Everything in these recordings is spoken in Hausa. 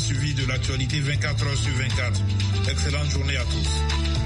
suivi de l'actualité 24 h sur 24. Excellente journée à tous.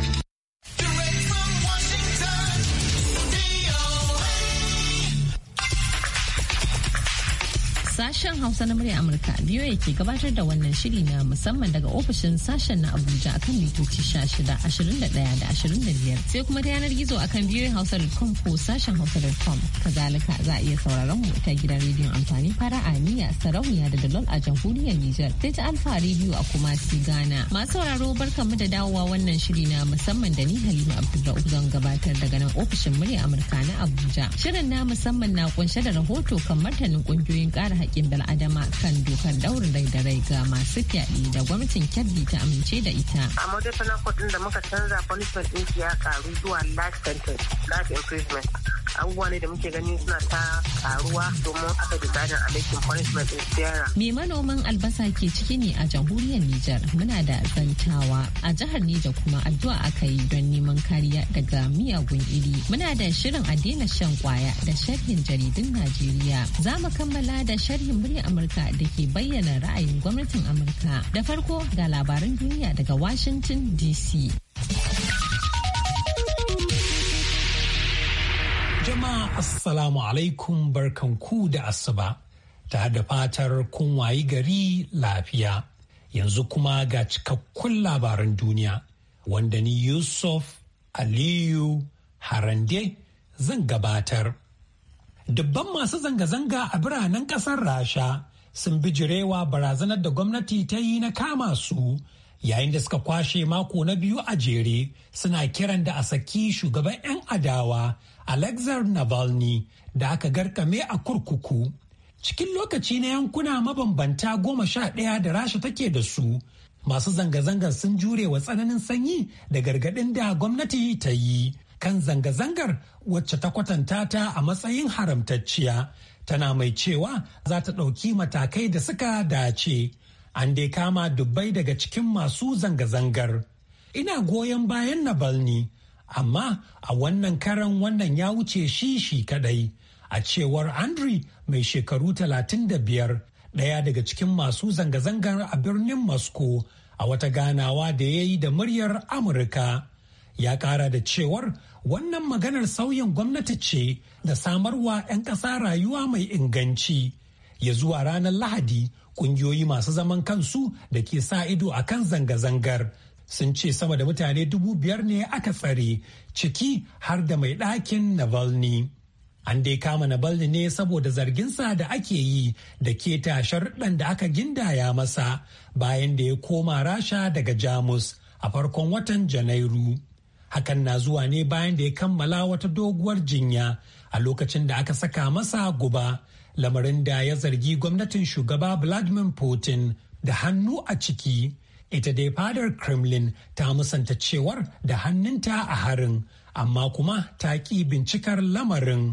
Sashen Hausa na murya Amurka ya ke gabatar da wannan shiri na musamman daga ofishin sashen na Abuja akan mitoci 16, 21 da 25 sai kuma ta yanar gizo akan hausa.com ko sashen hausa.com. Kazalika za a iya sauraron mu ta gidan rediyon amfani fara aniya sarauniya da dalol a jamhuriyar Nijar sai ta alfa rediyo a kuma si Ghana. Masu sauraro mu da dawowa wannan shiri na musamman da ni Halima Abdullahi zan gabatar daga nan ofishin murya Amurka na Abuja. Shirin na musamman na kunshe da rahoto kan martanin kungiyoyin kara haƙƙin haƙƙin bil'adama kan dokar daurin rai da rai ga masu fyaɗe da gwamnatin kirby ta amince da ita. A madafanar kudin da muka canza punishment ɗin ya karu zuwa life sentence, life imprisonment. abubuwa ne da muke gani suna ta karuwa domin aka ji gadin alaikin punishment din sierra. mai manoman albasa ke ciki ne a jamhuriyar Nijar muna da zantawa a jihar Nijar kuma addu'a aka yi don neman kariya daga miyagun iri. Muna da shirin a daina shan kwaya da sharhin jaridun Najeriya. Za mu kammala da sharhin sashen murya Amurka da ke bayyana ra'ayin gwamnatin Amurka. Da farko ga labaran duniya daga Washington DC. Jama'a Assalamu alaikum barkanku da asuba ta da fatar kun wayi gari lafiya. Yanzu kuma ga cikakkun labaran duniya wanda ni Yusuf Aliyu Harande zan gabatar. dubban masu zanga-zanga a biranen kasar rasha sun bijirewa barazanar da gwamnati ta yi na kama su yayin da suka kwashe mako na biyu a jere suna kiran da a saki shugaban 'yan adawa alexar navalny da aka garkame a kurkuku cikin lokaci na yankuna mabambanta goma sha ɗaya da rasha take da su masu zanga-zangar sun jure wa tsananin sanyi da gargaɗin da gwamnati ta yi kan zanga-zangar wacce ta kwatanta ta a matsayin haramtacciya tana mai cewa za ta ɗauki matakai da suka dace an dai kama dubbai daga cikin masu zanga-zangar ina goyon bayan na balni. amma a wannan karan wannan ya wuce shi shi kadai a cewar andri mai shekaru 35 ɗaya daga cikin masu zanga-zangar a birnin moscow a wata ganawa da ya yi da muryar amurka ya kara da cewar wannan maganar sauyin gwamnati ce da samarwa 'yan ƙasa rayuwa mai inganci ya zuwa ranar lahadi ƙungiyoyi masu zaman kansu da ke sa ido a kan zanga-zangar sun ce sama da mutane dubu biyar ne aka tsare ciki har da mai ɗakin navalny an dai kama navalny ne saboda zarginsa da ake yi da ke sharuɗan da aka gindaya masa bayan da ya koma rasha daga jamus a farkon watan janairu hakan na zuwa ne bayan da ya kammala wata doguwar jinya a lokacin da aka saka masa guba lamarin da ya zargi gwamnatin shugaba vladimir putin da hannu a ciki ita dai fadar kremlin ta musanta cewar da hannunta a harin amma kuma ta ki bincikar lamarin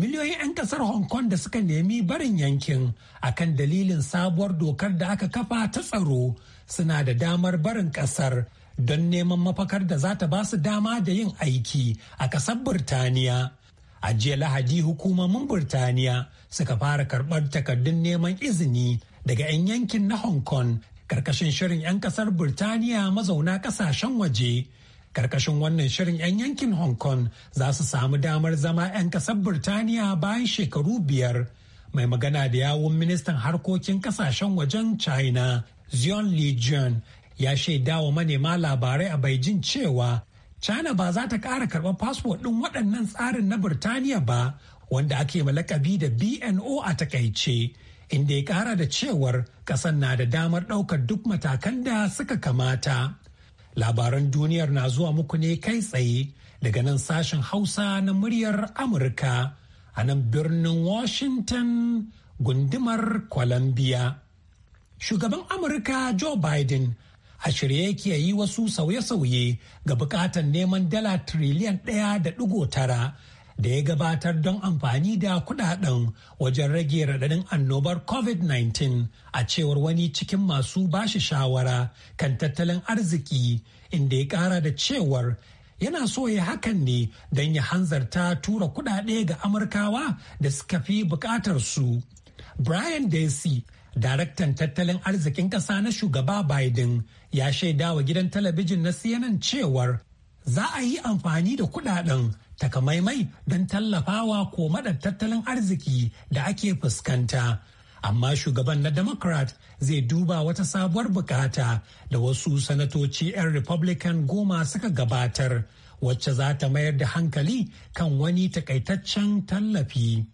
miliyoyin 'yan kasar hong kong da suka nemi barin yankin akan dalilin sabuwar dokar da aka kafa ta tsaro suna da damar barin kasar don neman mafakar da za ta ba su dama da yin aiki a ƙasar Burtaniya. A jiya Lahadi hukumomin Burtaniya suka fara karɓar takardun neman izini daga 'yan yankin na Hong Kong ƙarƙashin shirin 'yan ƙasar Burtaniya mazauna ƙasashen waje. Karkashin wannan shirin 'yan yankin Hong Kong za su samu damar zama 'yan ƙasar Burtaniya bayan shekaru biyar. Mai magana da yawun ministan harkokin ƙasashen wajen China Zion Li Jun ya shaida wa manema labarai a Beijing cewa China ba za ta ƙara karɓar fasfo ɗin waɗannan tsarin na Birtaniya ba wanda ake malakabi da BNO a takaice, inda ya ƙara da cewar ƙasar na da damar ɗaukar duk matakan da suka kamata. Labaran duniyar na zuwa muku ne kai tsaye daga nan sashen Hausa na muryar Amurka a nan birnin Washington gundumar Columbia. Shugaban Amurka Joe Biden a shirye yake yi wasu sauye-sauye ga bukatan neman dala triliyan ɗaya da ɗigo tara da ya gabatar don amfani da kudaden wajen rage raɗaɗin annobar covid-19 a cewar wani cikin masu bashi shawara kan tattalin arziki inda ya ƙara da cewar yana so ya hakan ne don ya hanzarta tura kudade ga amurkawa da suka fi bukatar su. Brian Desi Daraktan tattalin arzikin ƙasa na shugaba Biden ya shaida wa gidan talabijin na CNN cewar za a yi amfani da kudaden takamaimai don tallafawa ko madar tattalin arziki da ake fuskanta. Amma shugaban na Democrat zai duba wata sabuwar bukata da wasu sanatoci 'yan Republican goma suka gabatar wacce za ta mayar da hankali kan wani takaitaccen tallafi.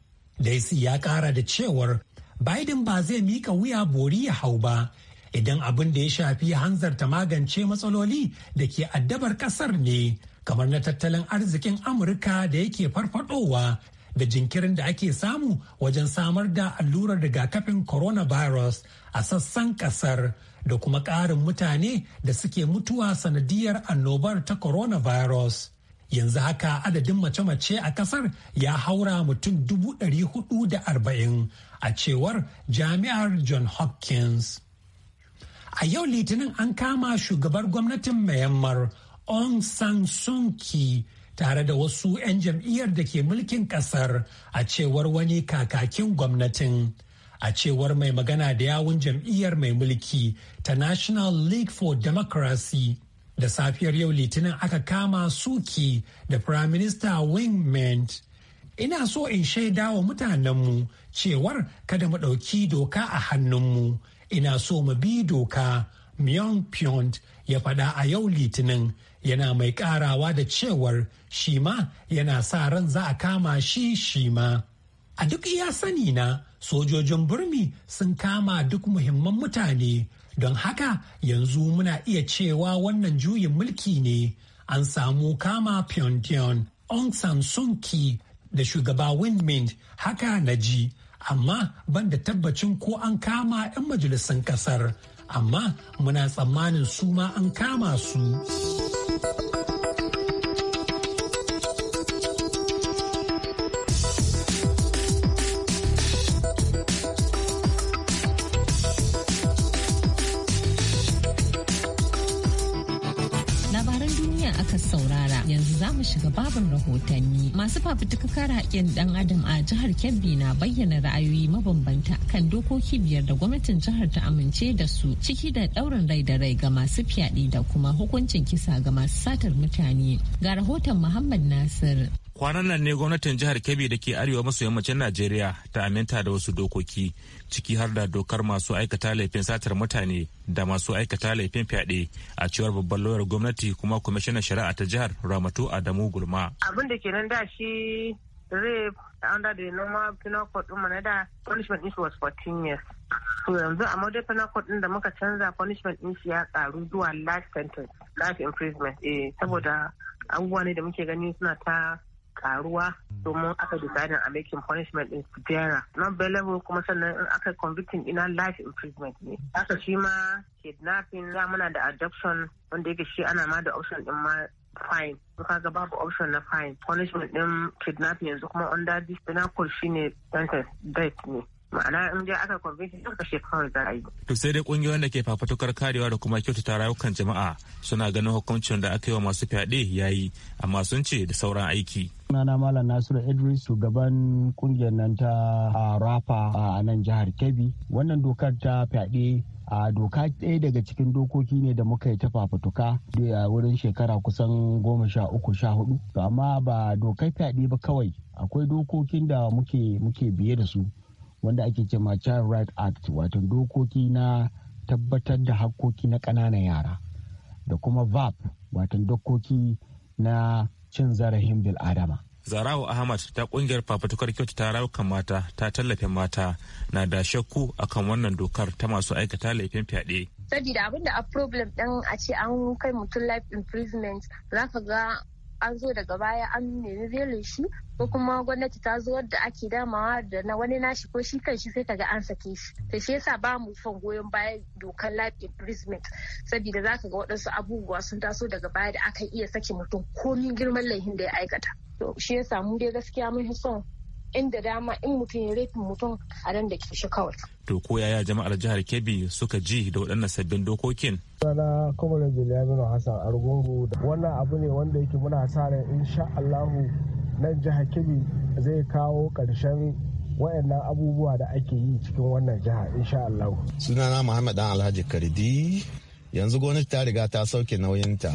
Daisy ya kara da cewar Biden ba zai mika wuya bori ya hau ba idan abin da ya shafi hanzarta magance matsaloli da ke addabar kasar ne kamar na tattalin arzikin Amurka da yake farfadowa da jinkirin da ake samu wajen samar da allurar rigakafin coronavirus a sassan kasar da kuma ƙarin mutane da suke mutuwa sanadiyar annobar ta coronavirus. Yanzu haka adadin mace-mace a kasar ya haura mutum dubu ɗari hudu da arba'in a cewar jami'ar John Hopkins. A yau Litinin an kama shugabar gwamnatin Myanmar Aung San Suu Kyi tare da wasu 'yan jam'iyyar da ke mulkin kasar a cewar wani kakakin gwamnatin. A cewar mai magana da yawun jam'iyyar mai mulki ta National League for Democracy da safiyar yau Litinin aka kama Suki da Prime Minister Wing Mint. ina so in shaida wa mutanenmu cewar kada mu ɗauki doka a hannunmu ina so mu bi doka myong pyont ya faɗa a yau litinin yana mai ƙarawa da cewar shi ma yana sa ran za a kama shi shi ma a duk iya sani na sojojin burmi sun kama duk muhimman mutane don haka yanzu muna iya cewa wannan juyin mulki ne an samu kama pyongyang aung san suu da shugaba Windmind haka na ji, amma ban da tabbacin ko an kama 'yan majalisar kasar, amma muna tsammanin su ma an kama su. mu shiga babin rahotanni. Masu fafutuka kare haƙƙin ɗan adam a jihar Kebbi na bayyana ra'ayoyi mabambanta kan dokoki biyar da gwamnatin jihar ta amince da su ciki da ɗaurin rai da rai ga masu fyaɗe da kuma hukuncin kisa ga masu satar mutane. Ga rahoton Muhammad Nasir. kwanan nan ne gwamnatin jihar kebbi da ke arewa maso yammacin najeriya ta aminta da wasu dokoki ciki har da dokar masu aikata laifin satar mutane da masu aikata laifin fyaɗe a cewar babban lauyar gwamnati kuma kwamishinan shari'a ta jihar ramatu adamu gulma abin da kenan da shi rape under the normal penal code ɗin da punishment is was 14 years yanzu a modern penal code da muka canza punishment din shi ya karu zuwa life sentence life imprisonment eh saboda abubuwa ne da muke gani suna ta karuwa domin aka deciding a making punishment din severe non bailable kuma sannan in aka convicting ina life imprisonment ne haka shi ma kidnapping ya muna da adoption wanda yake shi ana ma da option din ma fine to kaga babu option na fine punishment din kidnapping yanzu kuma under this penal code shine sentence death ne ma'ana in dai aka kwarbe shi duka kawai za a yi. To sai dai kungiyoyin da ke fafatukar karewa da kuma kyautata rayukan jama'a suna ganin hukuncin da aka yi wa masu fyaɗe ya yi amma sun ce da sauran aiki. Sunana Malam Nasiru Idris shugaban kungiyar nan ta Rafa a nan jihar Kebbi. Wannan dokar ta fyaɗe a doka ɗaya daga cikin dokoki ne da muka yi ta fafutuka a wurin shekara kusan goma sha uku sha hudu amma ba dokar fyaɗe ba kawai akwai dokokin da muke biye da su wanda ake ce ma child right act wato dokoki na tabbatar da hakkoki na ƙananan yara da kuma vap wato dokoki na cin zarafin bil'adama zarawa ahmad ta kungiyar fafatukar kyautu ta rayukan mata ta tallafe mata na da shakku akan wannan dokar ta masu aikata laifin fyaɗe. saboda abinda a problem ɗin a ce an kai mutum life imprisonment za ka ga an zo daga baya an nemi belin shi ko kuma gwamnati ta zo wadda ake damawa da na wani nashi ko shi kan shi sai ga an sake shi to shi yasa ba mu son goyon baya dokar life imprisonment saboda zaka ga waɗansu abubuwa sun taso daga baya da aka iya sake mutum komin girman laifin da ya aikata to shi yasa mu dai gaskiya mun son da dama in mutum ya rufe mutum a nan da ke shi kawai. To ko yaya jama'ar jihar Kebbi suka ji da waɗannan sabbin dokokin? Sana kwamarin Bilyaminu Hassan Argungu wannan abu ne wanda yake muna sa ran insha Allahu nan jihar Kebbi zai kawo ƙarshen wayannan abubuwa da ake yi cikin wannan jiha insha allahu. Sunana Muhammad Dan Alhaji Kardi yanzu gwamnati ta riga ta sauke nauyinta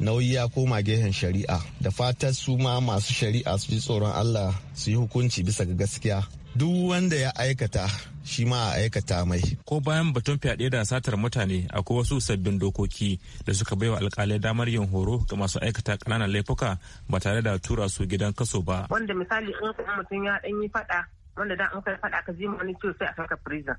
nauyi ya koma gehen shari'a da fatar su ma masu shari'a su ji tsoron allah su yi hukunci bisa ga gaskiya duk wanda ya aikata shi ma a aikata mai. Ko bayan batun fyaɗe da satar mutane akwai wasu sabbin dokoki da suka baiwa alkalai damar yin horo ga masu aikata kananan laifuka ba tare da tura su gidan kaso ba. Wanda misali in mutum ya ɗan yi faɗa wanda da an kai faɗa ka ji wani ciwo sai a saka prison.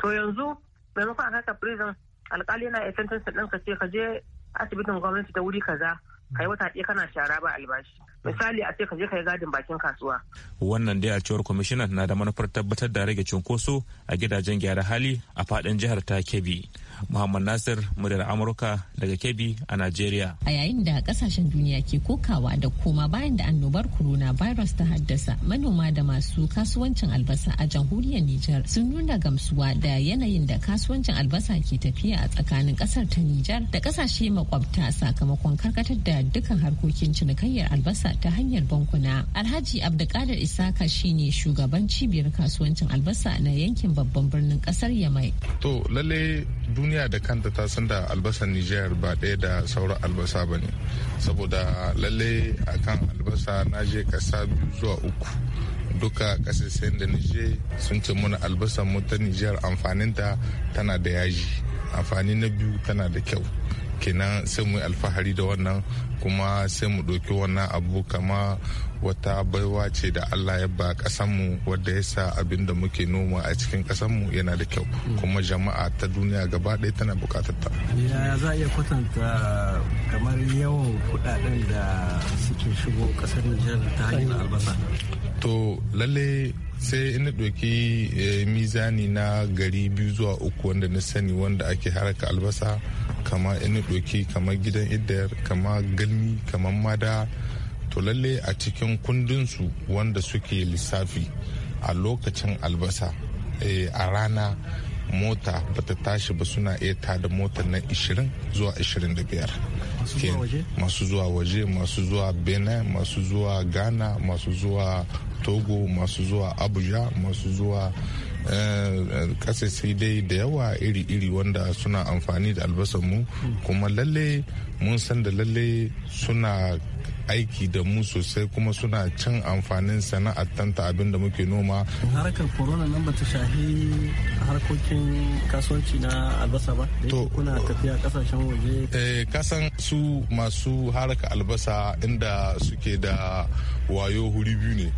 To yanzu maimakon a saka prison alkali yana iya tantance ɗin ka ce ka je asibitin gwamnati ta wuri kaza kai wata ɗaya kana shara ba albashi misali a ce ka je ka yi gadin bakin kasuwa. Wannan dai a cewar kwamishinan na da manufar tabbatar da rage cunkoso a gidajen gyara hali a fadin jihar ta Kebbi. Muhammad Nasir muryar Amurka daga Kebbi a Najeriya. A yayin da kasashen duniya ke kokawa da koma bayan da annobar corona virus ta haddasa manoma da masu kasuwancin albasa a jamhuriyar Nijar sun nuna gamsuwa da yanayin da kasuwancin albasa ke tafiya a tsakanin kasar ta Nijar da kasashe makwabta sakamakon karkatar da dukkan harkokin cinikayyar albasa ta hanyar bankuna. Alhaji Abdulkadir Isaka shine shugaban cibiyar kasuwancin albasa na yankin babban birnin kasar Yamai. To lalle duniya da kanta ta san da albasar Nijar ba ɗaya da sauran albasa ba ne. Saboda lalle akan albasa na je kasa biyu zuwa uku. duka kasashen da nije sun ce muna albasar mu ta nijar amfaninta tana da yaji amfani na biyu tana da kyau kenan sai mu alfahari da wannan kuma sai mu ɗauki wannan abu kama wata baiwa ce da Allah ya ba ƙasanmu wadda ya sa abin da muke noma a cikin ƙasanmu yana da kyau kuma jama'a ta duniya gaba ɗaya tana buƙatar ta. ya za a iya kwatanta uh, kamar yawan kuɗaɗen da suke shigo ƙasar Nijar ta hanyar albasa? to lalle sai ina ɗauki eh, mizani na gari biyu zuwa uku wanda na sani wanda ake haraka albasa kama ina ɗauki kama gidan idar kama galmi kama mada to lalle a cikin kundinsu wanda suke lissafi a lokacin albasa eh, a rana mota bata tashi ba suna iya tada mota na 20 zuwa 25 masu zuwa waje masu zuwa benin masu zuwa ghana masu zuwa togo masu zuwa abuja masu zuwa eh, sai dai da yawa iri-iri wanda suna amfani da albasanmu kuma lalle mun san da lalle suna aiki da mu sosai kuma suna cin amfanin sana'ar tanta abin da muke noma. Harkar corona nan ba ta shahi harkokin kasuwanci na albasa ba? To, kuna tafiya kasashen waje? Eh, kasan su masu haraka albasa inda suke da wayo huri biyu ne.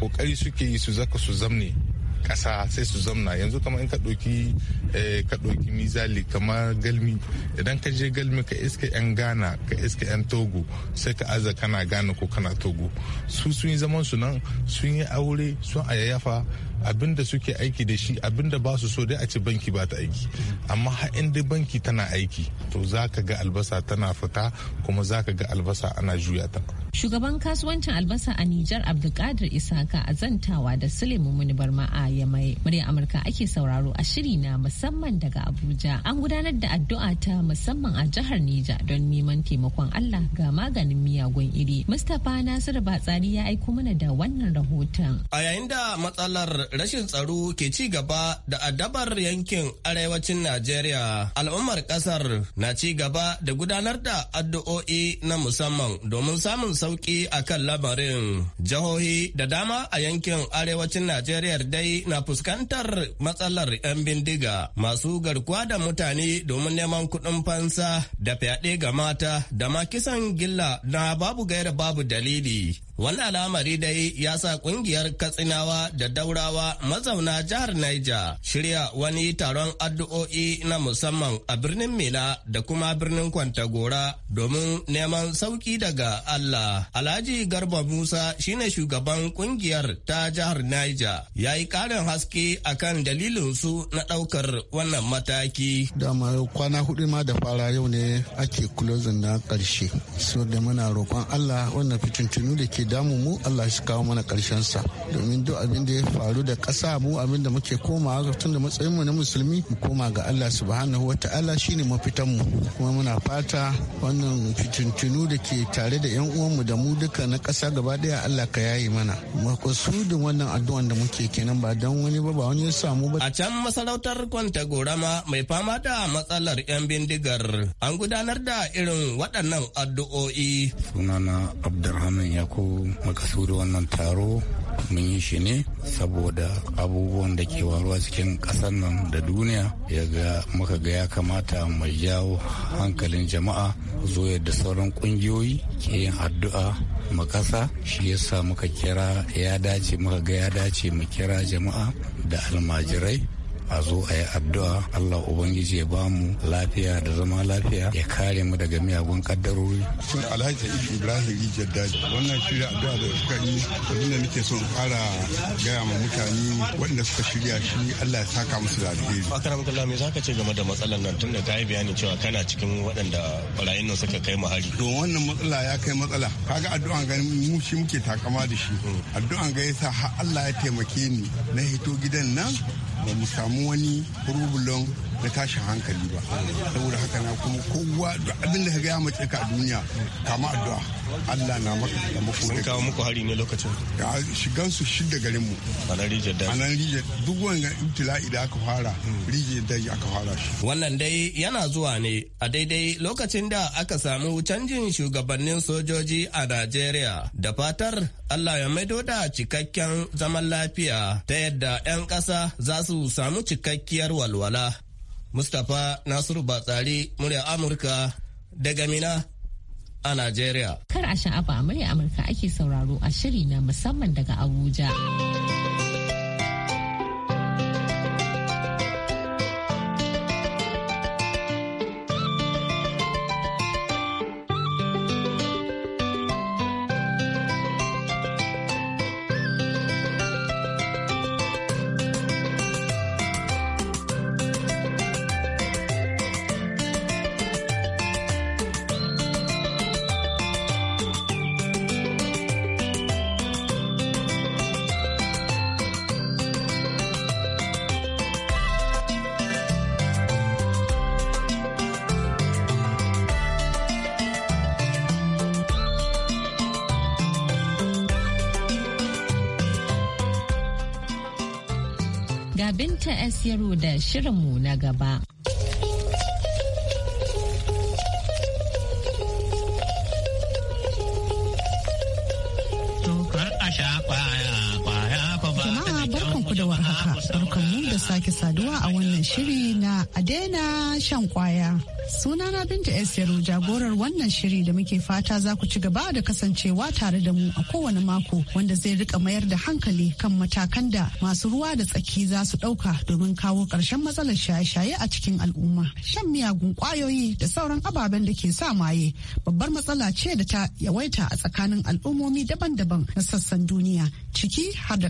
kokari suke yi su zaka su zamne kasa sai su zamna yanzu kama in ka ɗauki eh, ka mizali kama galmi idan ka je galmi ka iska 'yan ghana ka iska 'yan togo sai ka aza kana ghana ko kana togo su sun yi zaman su nan sun yi aure sun ayayyafa abinda suke aiki da shi abinda ba su so dai a ce banki ba ta aiki amma har dai banki tana aiki to za ka ga albasa tana fita kuma za ka ga albasa ana juya ta Shugaban kasuwancin albasa a Nijar Abdulkadir Isaka a zantawa da Suleiman Muni Barma a Yamai. Murya Amurka ake sauraro a shiri na musamman daga Abuja. An gudanar da addu'a ta musamman a jihar nija don neman taimakon Allah ga maganin miyagun iri. Mustapha Nasiru Batsari ya aiko mana da wannan rahoton. A yayin da matsalar rashin tsaro ke ci gaba da adabar yankin arewacin Najeriya, al'ummar kasar na ci gaba da gudanar da addu'o'i na musamman domin samun sauki a kan lamarin. Jihohi da dama a yankin arewacin Najeriya dai na fuskantar matsalar 'yan bindiga masu garkuwa da mutane domin neman kuɗin fansa da fyaɗe ga mata da ma kisan gilla na babu gaira babu dalili. Wani al'amari dai ya sa kungiyar Katsinawa da Daurawa mazauna jihar Niger shirya wani taron addu'o'i na musamman a birnin Mila da kuma birnin Kwantagora domin neman sauki daga Allah. Alhaji Garba Musa shine shugaban kungiyar ta jihar Niger ya yi ƙarin haske akan dalilin su na ɗaukar wannan mataki. Dama kwana hudu ma da fara yau ne ake na ƙarshe. So da muna roƙon Allah wannan fitintunu da ke damu mu Allah shi kawo mana karshen sa domin duk abin da ya faru da kasa mu abin da muke komawa ga tun matsayin mu na musulmi mu koma ga Allah subhanahu wata'ala shine mafitan mu kuma muna fata wannan fitintunu da ke tare da yan uwan mu da mu duka na kasa gaba daya Allah ka yayi mana makasudin wannan addu'an da muke kenan ba dan wani ba ba wani ya samu ba a can masarautar kwanta gorama mai fama da matsalar yan bindigar an gudanar da irin waɗannan addu'o'i sunana abdulrahman yakubu da wannan taro mun yi shi ne saboda abubuwan da ke waruwa cikin ƙasar nan da duniya ya ga muka ga ya kamata mai jawo hankalin jama'a zo yadda sauran ƙungiyoyi ke yin addu'a makasa ƙasa shi yasa muka kira ya dace muka ga ya dace mu kira jama'a da almajirai a zo a yi addu'a Allah Ubangiji ya ba mu lafiya da zama lafiya ya kare mu daga miyagun kaddarori. Sun Alhaji Ibrahim Ibrahim Rijiyar Daji wannan shirya addu'a da suka yi da nake son fara gaya ma mutane waɗanda suka shirya shi Allah ya saka musu da alheri. Akaram kalla me zaka ce game da matsalar nan tunda ka yi bayani cewa kana cikin waɗanda barayin nan suka kai hari To wannan matsala ya kai matsala kaga addu'an ga mu shi muke takama da shi hmm. addu'an ga yasa har Allah ya taimake ni na hito gidan nan ba mu samu Money, wani rubulon na tashin hankali ba saboda haka na kuma kowa abin da ka ya mace ka duniya kama addu'a Allah na maka da mako sun kawo muku hari ne lokacin ga shigan su shidda garin mu a nan da daji a nan duk wannan ibtila'i da aka fara rijiyar daji aka fara shi wannan dai yana zuwa ne a daidai lokacin da aka samu canjin shugabannin sojoji a Najeriya da fatar Allah ya maido da cikakken zaman lafiya ta yadda 'yan ƙasa za su samu cikakkiyar walwala Mustapha Nasiru Batsari murya Amurka daga Mina a Najeriya. Kar a sha'afa murya Amurka ake sauraro a shiri na musamman daga Abuja. Binta S. Yaro da shirinmu na gaba. da warhaka barkanmu da sake saduwa a wannan shiri na adena shan kwaya Sunana Binta Esiru jagorar wannan shiri da muke fata za ku ci gaba da kasancewa tare da mu a kowane mako wanda zai rika mayar da hankali kan matakan da masu ruwa da tsaki za su ɗauka domin kawo ƙarshen matsalar shaye-shaye a cikin al'umma. Shan miyagun ƙwayoyi da sauran ababen da ke sa maye babbar matsala ce da ta yawaita a tsakanin al'ummomi daban-daban na sassan duniya ciki har da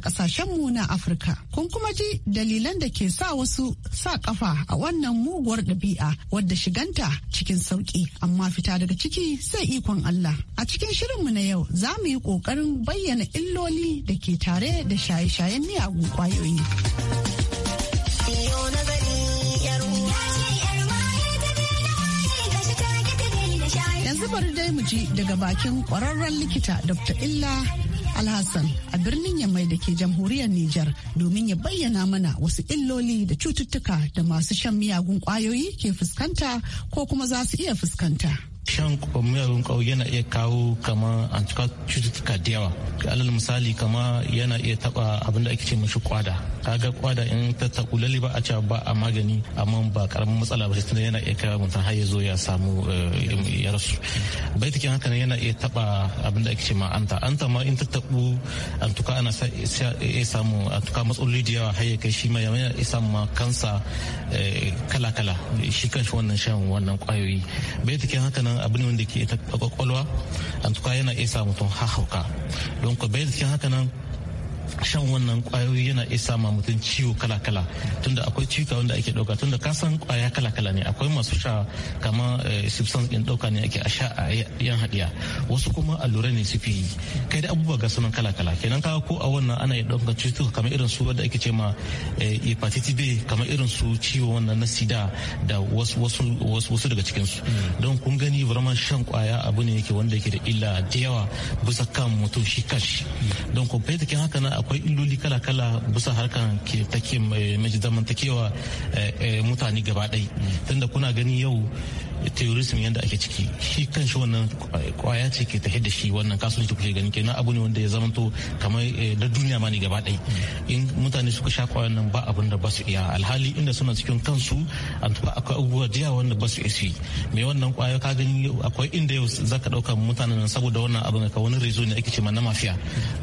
mu na Afirka. Kun kuma ji dalilan da ke sa wasu sa ƙafa a wannan muguwar ɗabi'a wadda shiganta wahala cikin sauki amma fita daga ciki sai ikon Allah. A cikin shirin mu na yau za mu yi ƙoƙarin bayyana illoli da ke tare da shaye-shayen miyagun ƙwayoyi. yanzu bari dai mu ji daga bakin kwararren likita Dr. Illa Alhassan a birnin Yamai da ke jamhuriyar Nijar domin ya bayyana mana wasu illoli da cututtuka da masu shan miyagun kwayoyi ke fuskanta ko kuma za su iya fuskanta. shan mayarun kawo yana iya kawo kama an cututtuka da yawa alal misali kama yana iya taba abin da ake ce mashi kwada kaga kwada in ta taku lalle ba a cewa ba a magani amma ba karamin matsala ba sai tunda yana iya kawo mutum har ya zo ya samu eh, ya rasu bai take haka ne yana iya taba abin da ake ce ma anta anta ma in ta taku an tuka ana iya samu a tuka matsaloli da yawa har ya kai shi ma yana iya samu ma kansa eh, kala kala shi kan shi wannan shan wannan kwayoyi bai take haka nan wannan abu ne wanda ke ta kwakwalwa an tuka yana isa mutum hauka don ka bai cikin haka nan shan wannan kwayoyi yana iya ma mutum ciwo kala-kala tunda akwai ciwuka wanda ake dauka tunda ka san kwaya kala-kala ne akwai masu sha kama eh, substance din dauka ne ake a sha a yan haɗiya wasu kuma allura ne su fiye kai da abubuwa ga sunan kala-kala kenan kaga ko a wannan ana iya dauka cututtuka kamar irin su wanda ake ce ma eh, hepatitis B kamar irin su ciwo wannan na sida da wasu wasu wasu daga cikin su mm. don kun gani vraiment shan kwaya abu ne yake wanda yake da illa da yawa bisa kan mutum shi kashi mm. don ko bai haka na akwai illoli kala-kala bisa harkan ke take eh, mai zamantakewa eh, eh, mutane gaba ɗai tunda kuna gani yau terrorism yadda ake ciki shi kan shi wannan kwaya ce ke tafi da shi wannan kasuwanci kuke gani kenan abu ne wanda ya zamanto kamar da eh, duniya ma ne gaba ɗaya in mutane suka sha kwayan nan ba abin da ba su iya alhali inda suna cikin kansu an tafi akwai abubuwa da yawa wanda ba su isi mai wannan kwaya ka gani akwai inda yau za ka ɗauka mutanen nan saboda wannan abin ka wani rezo ne ake ce ma na mafiya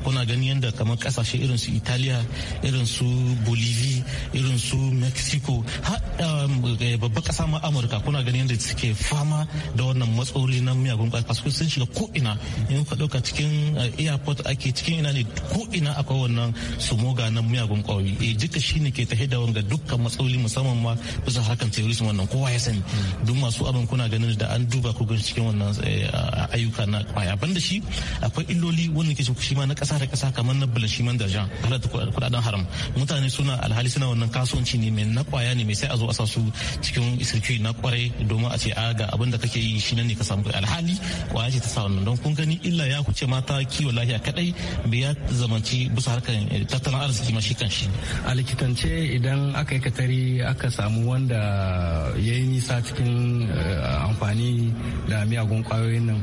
kuna gani yadda kamar kasashe irin su italiya irin su bolivia irin su mexico har um, eh, babba ƙasa ma amurka kuna gani yadda suke ke fama da wannan matsaloli na miyagun kwasu sun shiga ko'ina in ka ɗauka cikin eh, airport ake cikin ina ne ko'ina akwai wannan sumoga na miyagun kwayoyi e eh, duka ne ke tafi da wanga dukkan matsaloli musamman ma bisa harkan terrorism wannan kowa ya sani duk masu abin kuna ganin da an duba ku cikin wannan eh, ayyuka na kwaya banda shi akwai illoli wannan ke shi ma na ƙasa da ƙasa kamar na shiman da jan halatta kudaden haram mutane suna alhali suna wannan kasuwanci ne mai na kwaya ne mai sai a zo a sa su cikin isirki na ƙwarai domin a ce a ga abin da kake yi shi ne ka samu alhali wa ce ta sa wannan don kun gani illa ya kuce mata kiwo lafiya kadai bai ya zamanci bisa harkar eh, tattalin arziki ma shi kanshi a likitance idan aka yi katari aka samu wanda ya yi nisa cikin eh, amfani da miyagun kwayoyin nan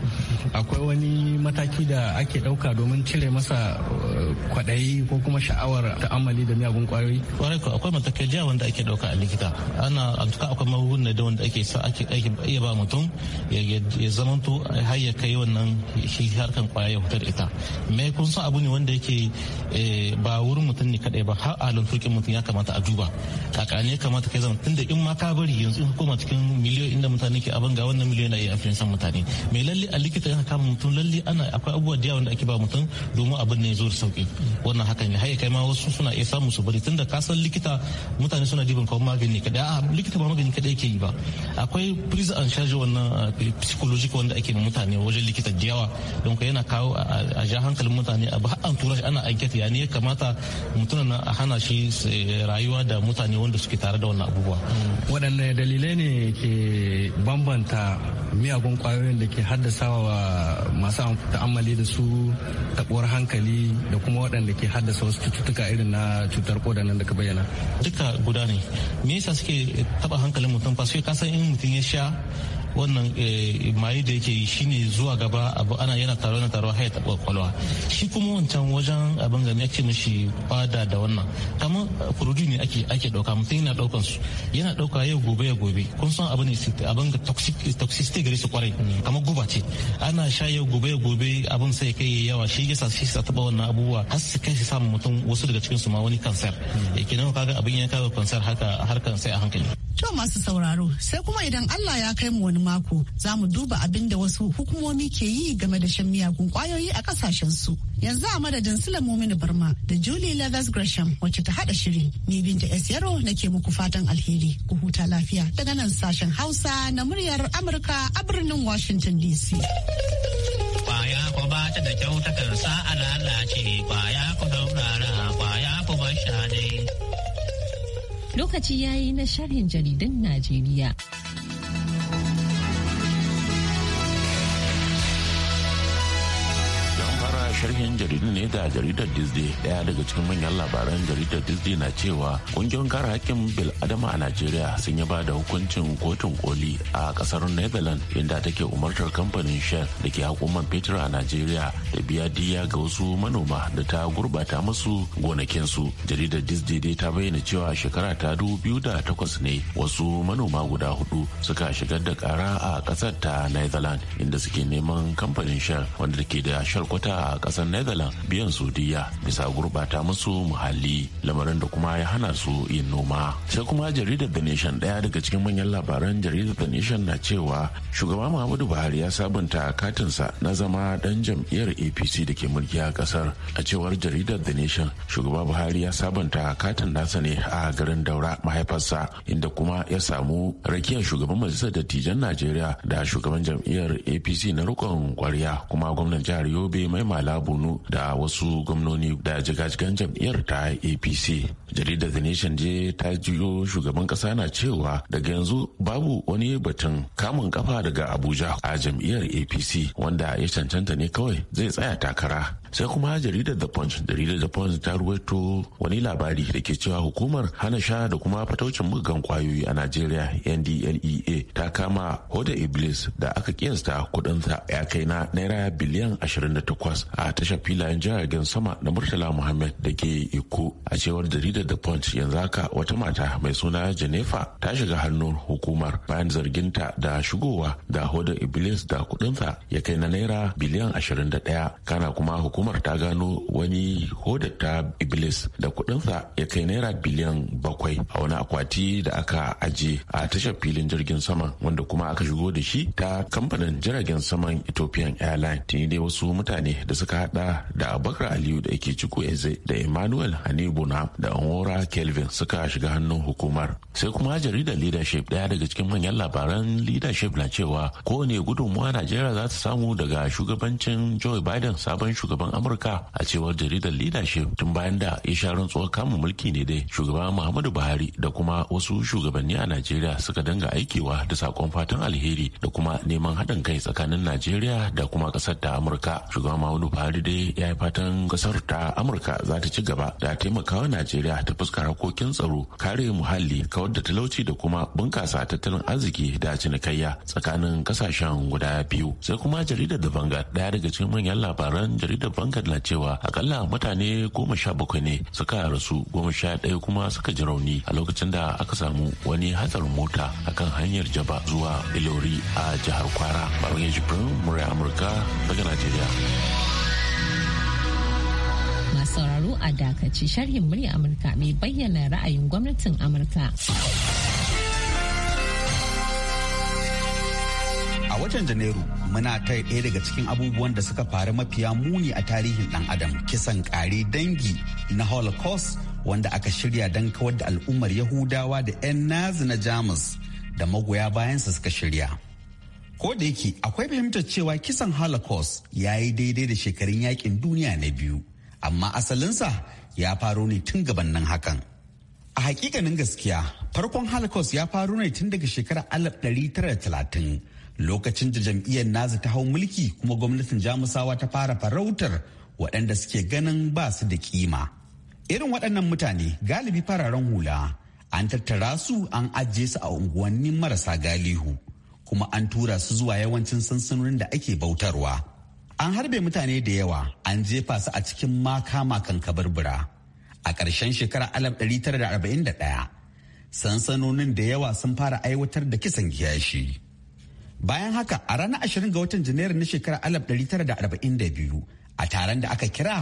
akwai wani mataki da ake dauka domin cire masa eh, kwaɗayi ko kuma sha'awar ta'amali da miyagun kwayoyi akwai matakai jiya wanda ake dauka a likita ana a akwai magunguna da wanda ake sa ake iya ba mutum ya zamanto har ya kai wannan shi harkan kwaya ya fitar ita me kun san abu ne wanda yake eh, ba wurin mutum ne kadai ba har alun turkin mutum ya kamata a duba kakane kamata kai zama tunda in ma ka bari yanzu in koma cikin miliyoyi inda mutane ke abin ga wannan miliyoyi na iya san mutane me lalle a likita yana kama mutum lalle ana akwai abubuwa da yawa da ake ba mutum domin abin ne zuwa sauki wannan hakan ne haye kai ma wasu suna iya samu su bari tunda ka san likita mutane suna diban kawai magani kadai a likita ba magani kadai ke yi ba akwai an charge wannan ah, psychological wanda ake mutane wajen likita da yawa don ka yana kawo ah, ah, a ja hankalin mutane a ba an tura shi ana aiki ya ne ya kamata mutum na a hana shi eh, rayuwa da mutane wanda suke tare da wannan abubuwa. waɗanne dalilai ne ke bambanta miyagun kwayoyin da ke haddasa wa masu ta'ammali da su taɓuwar hankali da kuma waɗanda ke haddasa wasu cututtuka irin na cutar koda nan da ka bayyana. duka guda ne me yasa suke taɓa hankalin mutum fa sai ka in mutum ya sha wannan eh, mai da yake yi shine zuwa gaba abu ana yana taro na taro haya taɓa kwalwa shi kuma wancan wajen abin gani ake mishi fada da wannan kamar furudu eh, ne ake ake ɗauka mutum yana ɗaukan su yana ɗauka yau gobe ya gobe kun san abin abin eh, toxicity gare su kwarai kamar guba ce ana sha yau gobe ya gobe abin sai kai yawa shi yasa shi sa taɓa wannan abubuwa har su kai su samu mutum wasu daga cikin su ma wani kansar kenan kaga abin ya kawo kansar haka har kansar a hankali To masu sauraro sai kuma idan Allah ya kai mu wani mako za mu duba abin da wasu hukumomi ke yi game da shan miyagun kwayoyi a kasashen su. Yanzu a madadin Sula Momini Barma da Julie Leathers Gresham wacce ta hada shiri Ni binta S Yaro na ke muku fatan alheri ku huta lafiya daga nan sashen Hausa na muryar Amurka a birnin Washington DC. Kwaya ko ba ta da kyau takan sa a lalace kwaya ko Lokaci ya yi na sharhin jaridan Najeriya. sharhin jaridun ne da jaridar Disney daya daga cikin manyan labaran jaridar Disney na cewa ƙungiyar kare hakkin bil adama a Najeriya sun yi ba da hukuncin kotun koli a kasar Netherlands inda take umartar kamfanin Shell da ke hukumar fetur a Najeriya da biya diya ga wasu manoma da ta gurbata musu gonakinsu. Jaridar Disney dai ta bayyana cewa shekara ta biyu da takwas ne wasu manoma guda hudu suka shigar da kara a kasar ta Netherlands inda suke neman kamfanin Shell wanda ke da shalkwata a kasar netherlands biyan su diya bisa gurbata musu muhalli lamarin da kuma ya hana su yin noma sai kuma jaridar the nation daya daga cikin manyan labaran jaridar the nation na cewa shugaban muhammadu buhari ya sabunta katinsa na zama dan jam'iyyar apc da ke mulki a kasar a cewar jaridar the nation shugaba buhari ya sabunta katin nasa ne a garin daura mahaifarsa inda kuma ya samu rakiyar shugaban majalisar dattijan najeriya da shugaban jam'iyyar apc na rikon kwarya kuma gwamnan jihar yobe mai malawa borno da wasu gwamnoni da jigajigan jam'iyyar ta apc jaridar the nation je ta jiyo shugaban kasa na cewa daga yanzu babu wani batun kamun kafa daga abuja a jam'iyyar apc wanda ya cancanta ne kawai zai tsaya takara sai kuma jaridar the punch jaridar the punch ta ruwaito wani labari da ke cewa hukumar hana sha da kuma fataucin mugan kwayoyi a najeriya ndlea ta kama hoda iblis da aka kiyasta kudinsa ya kai na naira biliyan 28 a tasha filayen jiragen sama na murtala muhammad da ke iko a cewar jaridar the punch yanzu haka wata mata mai suna jenefa ta shiga hannun hukumar bayan zarginta da shigowa da hoda iblis da kudinsa ya kai na naira biliyan 21 kana kuma hukumar hukumar ta gano wani hodar ta iblis da kudinsa ya kai naira biliyan bakwai a wani akwati da aka aje a tashar filin jirgin sama wanda kuma aka shigo da shi ta kamfanin jiragen saman ethiopian airline tuni dai wasu mutane da suka hada da abubakar aliyu da ke ciko eze da emmanuel hanibuna da onora kelvin suka shiga hannun hukumar sai kuma jaridar leadership daya daga cikin manyan labaran leadership na cewa kowane gudunmuwa najeriya za ta samu daga shugabancin joe biden sabon shugaban amurka a cewar jaridar leadership tun bayan da ya sha rantsuwar kamun mulki ne dai shugaban muhammadu buhari da kuma wasu shugabanni a najeriya suka danga aikewa da sakon fatan alheri da kuma neman haɗin kai tsakanin najeriya da kuma ƙasar ta amurka shugaban muhammadu buhari dai ya yi fatan ƙasar ta amurka za ta ci gaba da taimakawa najeriya ta fuskar harkokin tsaro kare muhalli kawar da talauci da kuma bunƙasa tattalin arziki da cinikayya tsakanin ƙasashen guda biyu sai kuma jaridar da bangar ɗaya daga cikin manyan labaran jaridar bangar na cewa akalla mutane goma sha bakwai ne suka rasu goma sha ɗaya kuma suka ji rauni a lokacin da aka samu wani hatsarin mota akan hanyar jaba zuwa ilori a jihar kwara babban jibrin murai amurka daga najeriya masu sauraro a dakaci sharhin murya amurka mai bayyana ra'ayin gwamnatin amurka watan janairu muna ta ɗaya daga cikin abubuwan da suka faru mafiya muni a tarihin ɗan adam kisan kare dangi na holocaust wanda aka shirya don kawar da al'ummar yahudawa da 'yan nazi na jamus da magoya bayansa suka shirya ko da yake akwai fahimtar cewa kisan holocaust ya yi daidai da shekarun yakin duniya na biyu amma asalinsa ya faro ne tun gabanin hakan a hakikanin gaskiya farkon holocaust ya faro ne tun daga shekarar 1930 lokacin da jam'iyyar nazi ta hau mulki kuma gwamnatin jamusawa ta fara farautar waɗanda suke ganin ba su da kima irin waɗannan mutane galibi fararen hula an tattara su an ajiye su a unguwanni marasa galihu kuma an tura su zuwa yawancin sansanonin da ake bautarwa an harbe mutane da yawa an jefa su a cikin maka makan kabarbura a ƙarshen shekarar 1941 sansanonin da yawa sun fara aiwatar da kisan kiyashi. bayan haka a ranar 20 ga watan janairu na shekarar 1942 a taron da aka kira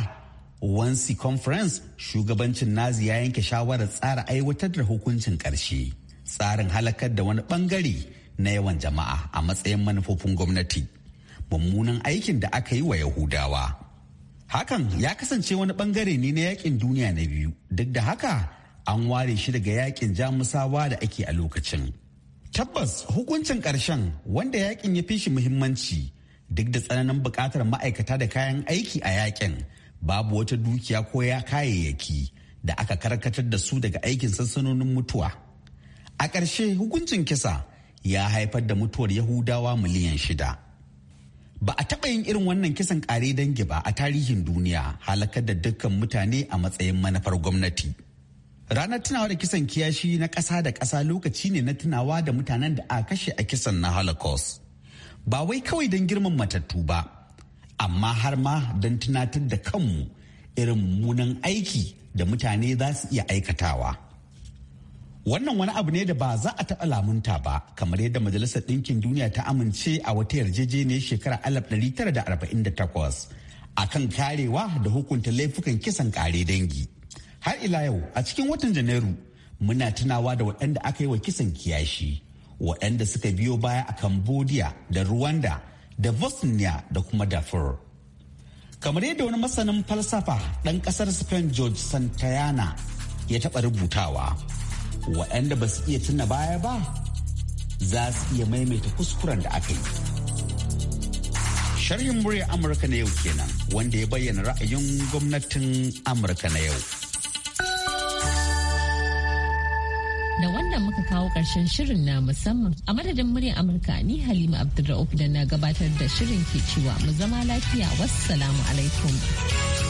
wansi conference shugabancin nazi ya yanke shawarar tsara aiwatar da hukuncin ƙarshe tsarin halakar da wani bangare na yawan jama'a a matsayin manufofin gwamnati mummunan aikin da aka yi wa yahudawa hakan ya kasance wani bangare ne na yakin duniya na biyu duk da haka an ware shi daga yakin jamusawa da ake a lokacin Tabbas hukuncin ƙarshen wanda yakin ya fi shi muhimmanci duk da tsananin buƙatar ma'aikata da kayan aiki a yakin babu wata dukiya ko ya kayayyaki da aka karkatar da su daga aikin sansanonin mutuwa. A ƙarshe hukuncin kisa ya haifar da mutuwar Yahudawa miliyan shida. Ba a taɓa yin irin wannan kisan ƙare dangi ba a tarihin duniya halakar da dukkan mutane a matsayin manufar gwamnati. Ranar tunawa da kisan kiyashi na ƙasa da ƙasa lokaci ne na tunawa da mutanen da a kashe a kisan na Holocaust. Ba wai kawai don girman matattu ba, amma har ma don tunatar da kanmu irin munan aiki da mutane za su iya aikatawa. Wannan wani abu ne da ba za a taɓa lamunta ba, kamar yadda Majalisar Ɗinkin Duniya ta amince a wata yarjejeniyar shekarar 1948 a kan karewa da hukunta laifukan kisan ƙare dangi. har ila yau a cikin watan janairu muna tunawa da waɗanda aka yi wa kisan kiyashi waɗanda suka biyo baya a cambodia da rwanda da bosnia da kuma darfur kamar yadda wani masanin falsafa ɗan ƙasar spain george santayana ya taɓa rubutawa waɗanda ba su iya tuna baya ba za su iya maimaita kuskuren da aka yi sharhin murya amurka na yau kenan wanda ya bayyana ra'ayin gwamnatin amurka na yau da wannan muka kawo ƙarshen shirin na musamman a madadin muryar amurka ni halima abdulra'uf da na gabatar da shirin ke cewa mu zama lafiya wassalamu alaikum